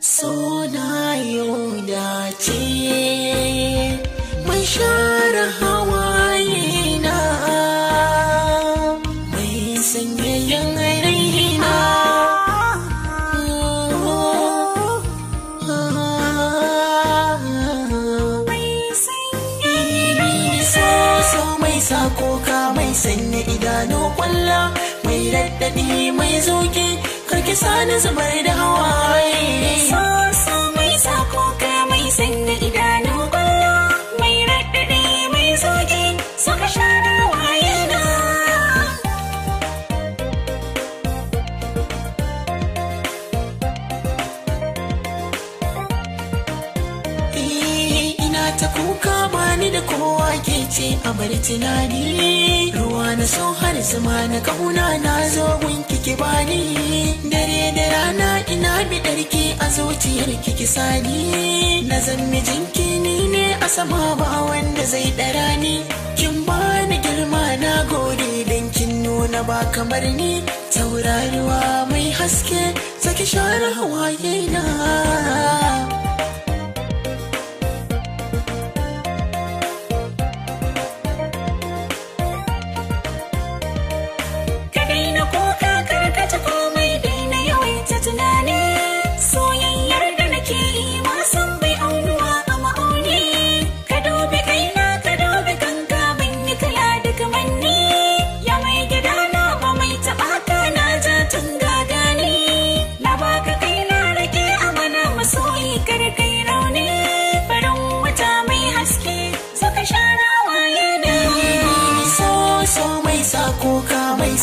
suna yau da ce, mai share hawaye na, mai sanyayen raina. Mai sa koka mai sanya idanu kwalla, mai raɗaɗi mai zoki, karki sani zubar da hawaye. ta kuka bani da kowa ke ce a bar tunani ruwa na so har zama na kauna na zo kike ki bani dare da rana ina darki a zuciyar ki sani na zan mijinki ni ne a sama ba wanda zai dara ni kin bani girma na gode dan kin nuna ba kamar ni tauraruwa mai haske saki share hawaye na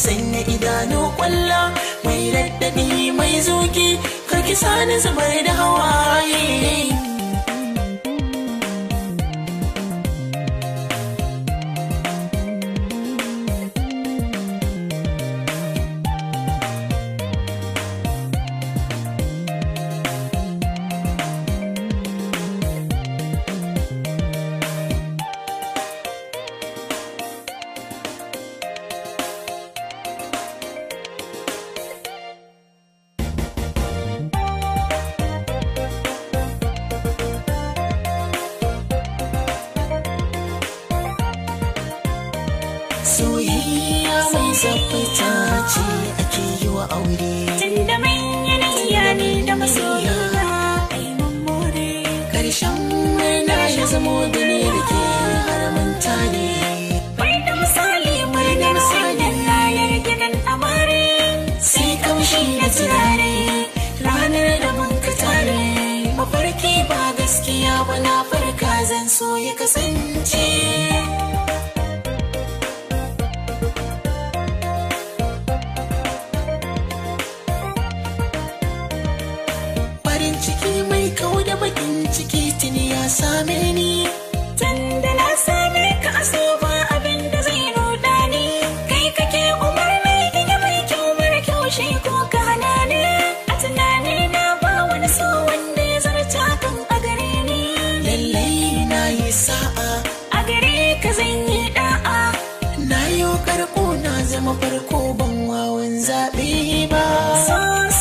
sanya idanu kwallon mai raddadi mai zuki karki sani zubar da hawa soyayya mai zafata ce ake yi wa aure tunda manyan ne da masoya ai mun more karshen na ya zamo da ni da ke har ne bai da misali bai da misali amare sai kamshi da turare ranar da man ka tare mafarki ba gaskiya ba na farka zan so ya kasance same ni na same ka ba abin da zai ruda ni kai ke, umar mai gida mai kyau mara kyau shi ko ka hana a tunani na ba wani so wanda ya zarta kan a gare ni lallai na yi sa'a a gare ka zan yi da'a na yi karko na zama farko ban wawan zaɓe ba